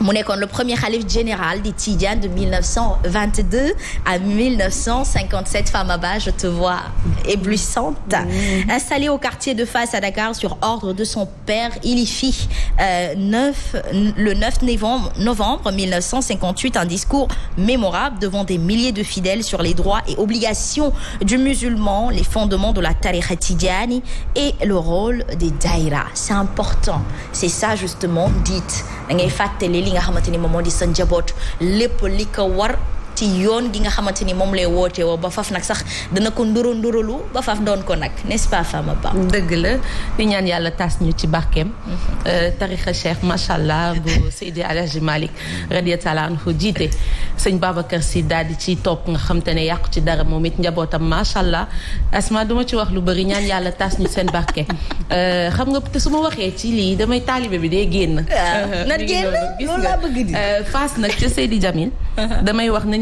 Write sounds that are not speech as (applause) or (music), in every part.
mu nekkoon le premier xalif général di Tidiane de 1922 à 1957 Famaba je te vois éblouissante mmh. installé au quartier de Fass à Dakar sur ordre de son père Ilifi euh, 9 le 9 novembre, novembre 1958 un discours mémorable devant des milliers de fidèles sur les droits et obligations du musulman les fondements de la tariqa tidiane et le rôle des daïra c'est important c'est ça justement dit da li nga xamante ni moom moo di sa njaboot lépp li ko war ci yoon gi nga xamante ni moom lay woote woo ba faf nag sax dana ko nduru ndurulu ba faf doon ko nag n'est-ce pas Fama Ba dëgg la di ñaan yàlla tas ñu ci barkeem mhm. euh, tarixa cheikh machallah bu (laughs) Seydi Alaji Malick radiyallahu anhu mhm. jiite sëñ Babacar si daal di ci topp nga xam ne yàqu ci dara moom it njabootam allah asma duma ci wax lu bëri ñaan yàlla taas ñu seen barke (laughs) euh, xam nga te su ma waxee ci lii damay taalibe bi day génn ah, na (laughs) génn loolu laa bëgg di euh, Fass nag ca Seydi Jamil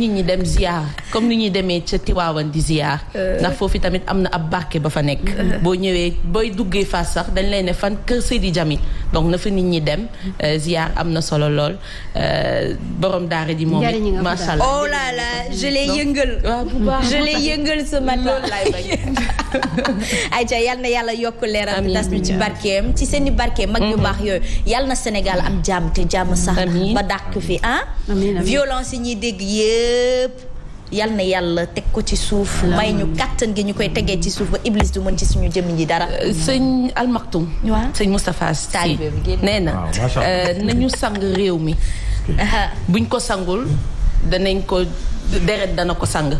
nit ñi dem ziar comme ni ñuy demee ca Tiwaawan di ziar. Euh. ndax foofu tamit am na ab barke ba fa nekk. Euh. boo ñëwee booy duggee Fass sax dañ lay ne fan kër Seydi Jami donc na fa nit ñi dem euh, ziar am na solo lool borom daara di moom it macha allah. oh là là je l'ai yëngal. waaw bu baax je l'ai (laughs) ayca (laughs) yal na yàlla yokk leeral tas ñu ci barkeem ci seen i barkeem mag yu mm-hmm. baax yooyu yal na Sénégal am jàmm te jàmm sax ba dàq fi ah violence yi ñuy dégg yépp yal na yàlla teg ko ci suuf may ñu kàttan gi ñu koy tegee ci suuf ba iblis du mën ci suñu jëmm ji dara euh, sëñ almaktum waaw sëñ Moustapha Sy nee na euh, nañu sang réew mi (laughs) buñ ko sangul danañ ko deret dana ko sang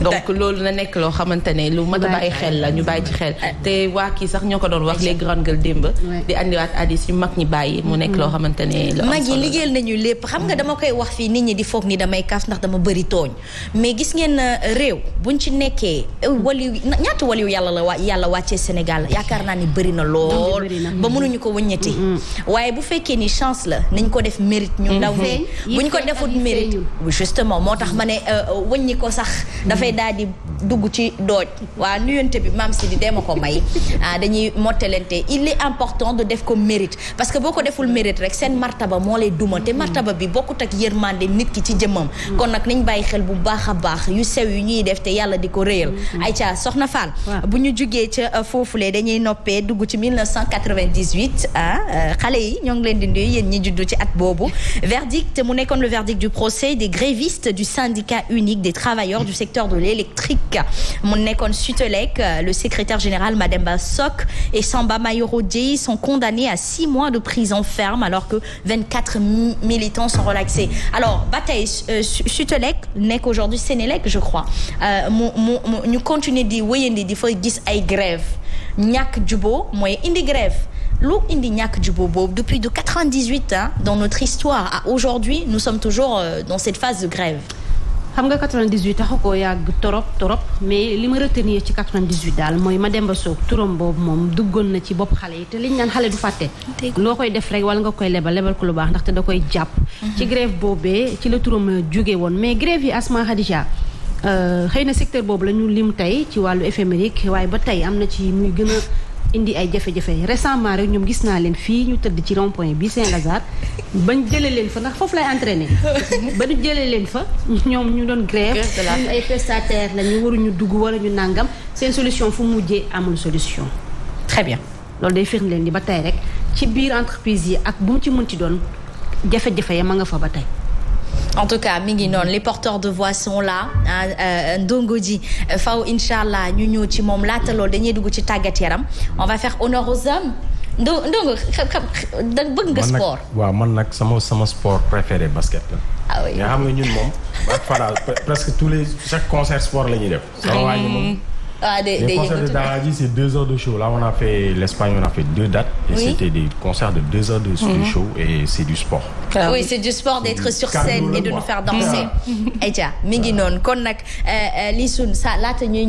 donc loolu na nekk loo xamante ne lu mat a bàyyi xel la ñu bàyyi ci xel ah. te waa kii sax ñoo ko doon wax les grandes gueules démb di andiwaat addis yu mag ñi bàyyi mu nekk loo mm-hmm. xamante ne mag liggéey liggéeyal nañu lépp xam nga dama koy wax fii nit ñi di foog ni damay kaas ndax dama bari tooñ mais gis ngeen euh, réew bu ñu ci nekkee euh, waliw ñaata waliw yàlla la waa yàlla wàccee Sénégal yaakaar naa ni bëri na lool ba mënuñu ko wëññati mm-hmm. waaye bu fekkee ni chance la nañ ko def mérite ñu ndaw mm-hmm. buñ ko defut mérite justement moo tax ma ne euh, wëññi ko sax dafay daal di dugg ci dooj waa nuyante bi maam si di dee ma ko may ah dañuy mottalante il est important de def ko mérite parce que boo ko deful mérite rek seen martaba moo lay duma te martaba bi bokkut ak yërmande nit ki ci jëmmam kon nag nañ bàyyi xel bu baax a baax yu sew yu ñuy def te yàlla di ko réyal ayca soxna Fall bu ñu jugee ca euh, foofulee dañuy noppee dugg ci 1998 ah euh, xale yi ñoo ngi leen di nuyu yéen ñi juddu ci at boobu verdict mu nekkoon le verdict du procès de l'électrique mu nekkoon Sutelec le secrétaire général Mademba Sock et Samba Mayoro Dièye sont condamnés à six mois de prison ferme alors que vingt-quatre militants sont relaxés alors ba tey euh, Sutelec nekk aujourd'hui Sénélec je crois mu euh, mu ñu continuer di wéyandi di fa gis ay grève ñàkk juboo mooy indi grève lu indi ñàkk juboo boobu depuis de 98 hein dans notre histoire à aujourd'hui nous xam nga 98 taxu koo yàgg torop torop mais li ma retenir ci 98 daal mooy ma Mademba Soog turam boobu moom duggoon na ci bopp xale yi te liñ naan xale du fàtte loo koy def rek wala nga koy lebal lebal ko lu baax ndaxte da koy jàpp mhm. ci grève boobee ci la turam jóge woon mais grève yi Asma Khadija euh, xëy na secteur boobu la ñu lim tey ci wàllu éphémérique waaye ba tey am na ci muy gën a indi ay jafe-jafe récemment rek ñoom gis naa leen fii ñu tëdd ci rond point bi saint bañ jëlee leen fa ndax foofu lay entraîner ba nu jëlee leen fa ñoom ñu doon grève ñun ay prestataire la ñu waruñu dugg wala ñu nàngam seen solution fu mujjee amul solution très bien loolu day firnde leen di ba tey rek ci biir entreprise yi ak bu mu ci mun ci doon jafe-jafe ya ma nga fa ba tey en tout cas mi ngi noonu les porteurs de voix sont là euh, Ndongo Ji euh, faw incha allah ñu ñëw ci moom laata loolu dañuy dugg ci tàggat yaram on va faire honneur aux hommes donc donc da bëgg nga sport. waaw man nag sama sama sport préféré basket la. ah oui nga presque tous les chaque concert sport la ñuy def. Ah, concerts de Daradji c'est deux heures de show là on a fait l'Espagne on a fait deux dates. et concerts de deux heures de. Mm -hmm. de show et c'est du sport. d'être sur scène et de nous faire danser. (laughs) Aïcha mi ngi noonu euh, euh, sa laata ñuy